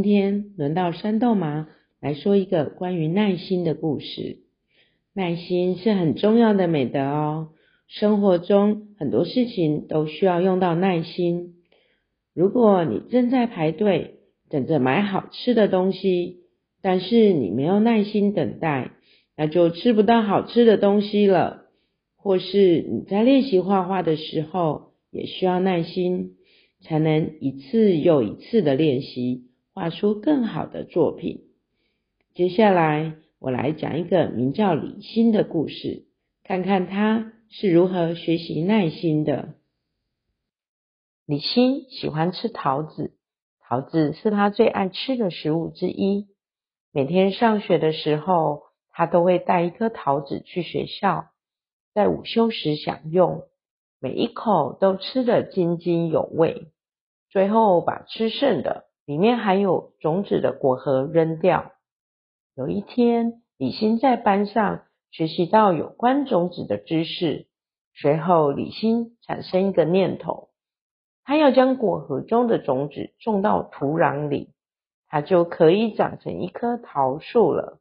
今天輪到山豆麻來說一個關於耐心的故事。耐心是很重要的美德哦。生活中很多事情都需要用到耐心。如果你正在排隊等着買好吃的東西，但是你沒有耐心等待，那就吃不到好吃的東西了。或是你在練習畫畫的時候，也需要耐心，才能一次又一次的練習。畫出更好的作品。接下來，我來講一個名叫李新的故事，看看他是如何學習耐心的。李新喜歡吃桃子，桃子是他最愛吃的食物之一。每天上學的時候，他都會帶一顆桃子去學校，在午休時享用，每一口都吃得津津有味，最後把吃剩的。裡面含有種子的果核扔掉。有一天，李新在班上學習到有關種子的知識，隨後李新產生一個念頭，他要將果核中的種子種到土壤裡，它就可以長成一棵桃樹了。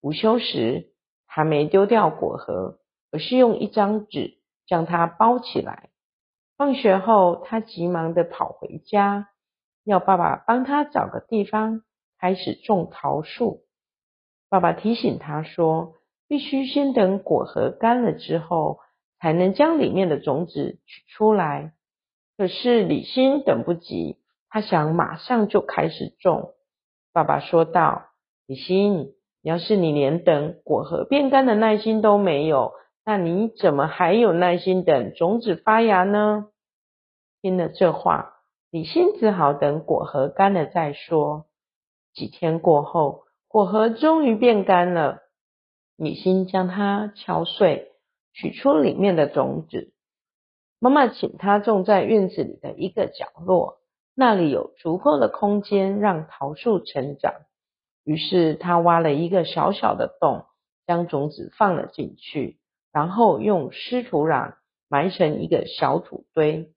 午休時，他沒丟掉果核，而是用一張紙將它包起來。放學後，他急忙地跑回家。要爸爸幫他找個地方開始種桃樹。爸爸提醒他說：“必須先等果核乾了之後，才能將裡面的種子取出來。”可是李新等不及，他想馬上就開始種。爸爸說道：“李新，要是你連等果核變乾的耐心都沒有，那你怎麼還有耐心等種子發芽呢？”聽了這話，李新只好等果核乾了再說。幾天過後，果核終於變乾了。李新將它敲碎，取出裡面的種子。媽媽請他種在院子裡的一個角落，那裡有足夠的空間讓桃樹成長。於是他挖了一個小小的洞，將種子放了進去，然後用濕土壤埋成一個小土堆。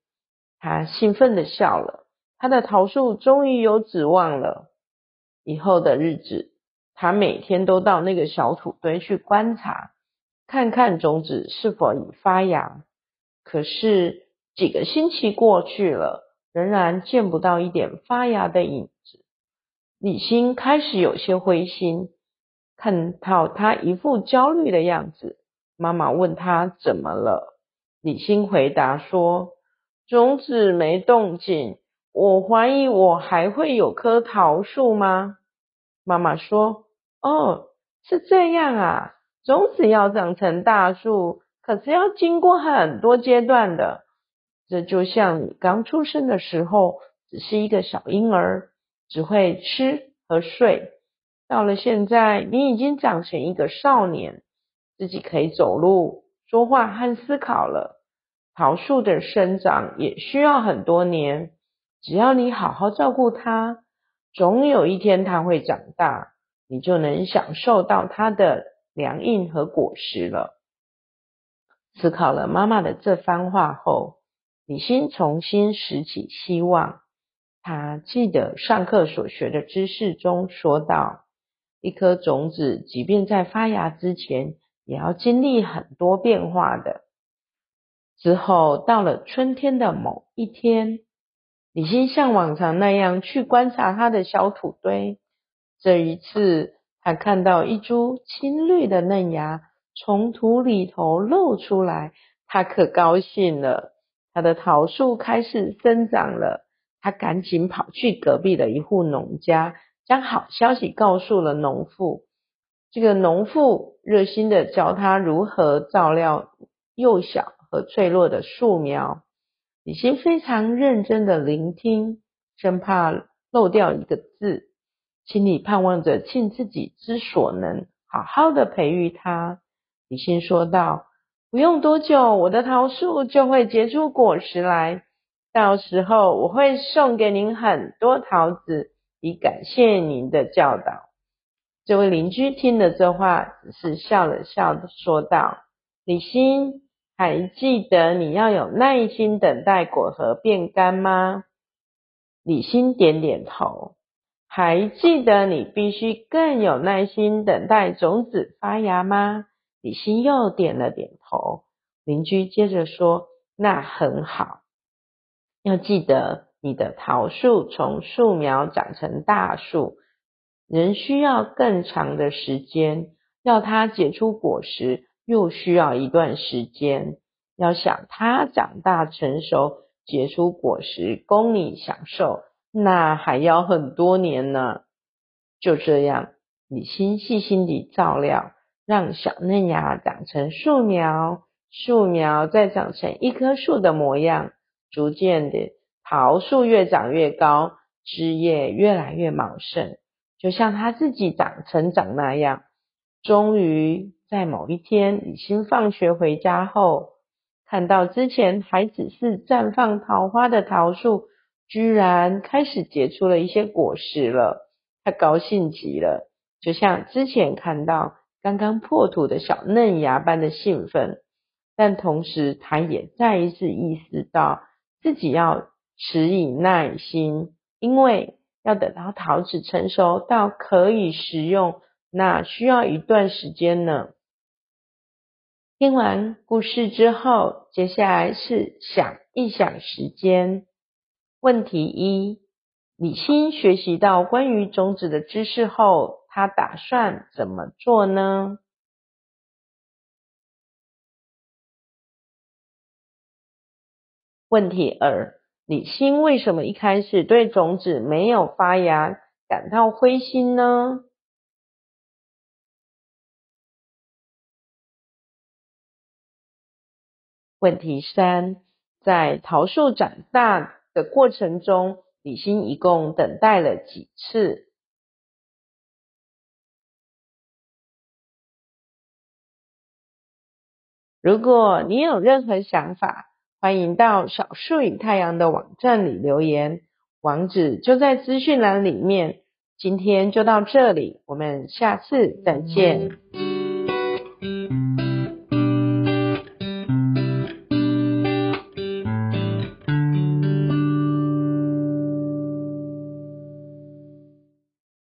他興奮地笑了，他的桃樹終於有指望了。以後的日子，他每天都到那個小土堆去觀察，看看種子是否已發芽。可是幾個星期過去了，仍然見不到一點發芽的影子。李新開始有些灰心。看到他一副焦慮的樣子，媽媽問他怎麼了，李新回答說。種子沒動靜，我懷疑我還會有棵桃樹嗎？媽媽說：“哦，是這樣啊，種子要長成大樹，可是要經過很多階段的。這就像你剛出生的時候，只是一個小嬰兒，只會吃和睡。到了現在，你已經長成一個少年，自己可以走路、說話和思考了。”桃樹的生長也需要很多年，只要你好好照顧它，總有一天它會長大，你就能享受到它的涼蔭和果實了。思考了媽媽的這番話後，李新重新拾起希望。他記得上課所學的知識中說到，一顆種子即便在發芽之前，也要經歷很多變化的。之後，到了春天的某一天，李新像往常那樣去觀察他的小土堆。這一次，他看到一株青綠的嫩芽從土裡頭露出來，他可高興了。他的桃樹開始生長了，他趕緊跑去隔壁的一戶農家，將好消息告訴了農婦。這個農婦熱心的教他如何照料幼小。和脆弱的樹苗，李新非常認真地聆聽，生怕漏掉一個字，心裡盼望着盡自己之所能，好好地培育它。李新說道：“不用多久，我的桃樹就會結出果實來，到時候我會送給您很多桃子，以感謝您的教導。”這位鄰居聽了這話，只是笑了笑，說道：“李新。”還記得你要有耐心等待果核變乾嗎？李新點點頭。還記得你必須更有耐心等待種子發芽嗎？李新又點了點頭。鄰居接着說：“那很好，要記得你的桃樹從樹苗長成大樹，仍需要更長的時間，要它結出果實。”又需要一段時間，要想它長大成熟，結出果實供你享受，那還要很多年呢。就這樣，你先細心地照料，讓小嫩芽長成樹苗，樹苗再長成一棵樹的模樣。逐漸的，桃樹越長越高，枝葉越來越茂盛，就像它自己長成長那樣，終於。在某一天，李新放學回家後，看到之前還只是綻放桃花的桃樹，居然開始結出了一些果實了。他高興極了，就像之前看到剛剛破土的小嫩芽般的興奮。但同時，他也再一次意識到自己要持以耐心，因為要等到桃子成熟到可以食用，那需要一段時間呢。聽完故事之後，接下來是想一想時間。問題一：李新學習到關於種子的知識後，他打算怎麼做呢？問題二：李新為什麼一開始對種子沒有發芽感到灰心呢？問題三，在桃樹長大的過程中，李新一共等待了幾次？如果你有任何想法，歡迎到《小樹與太陽》的網站裡留言，網址就在資訊欄裡面。今天就到這裡，我們下次再見。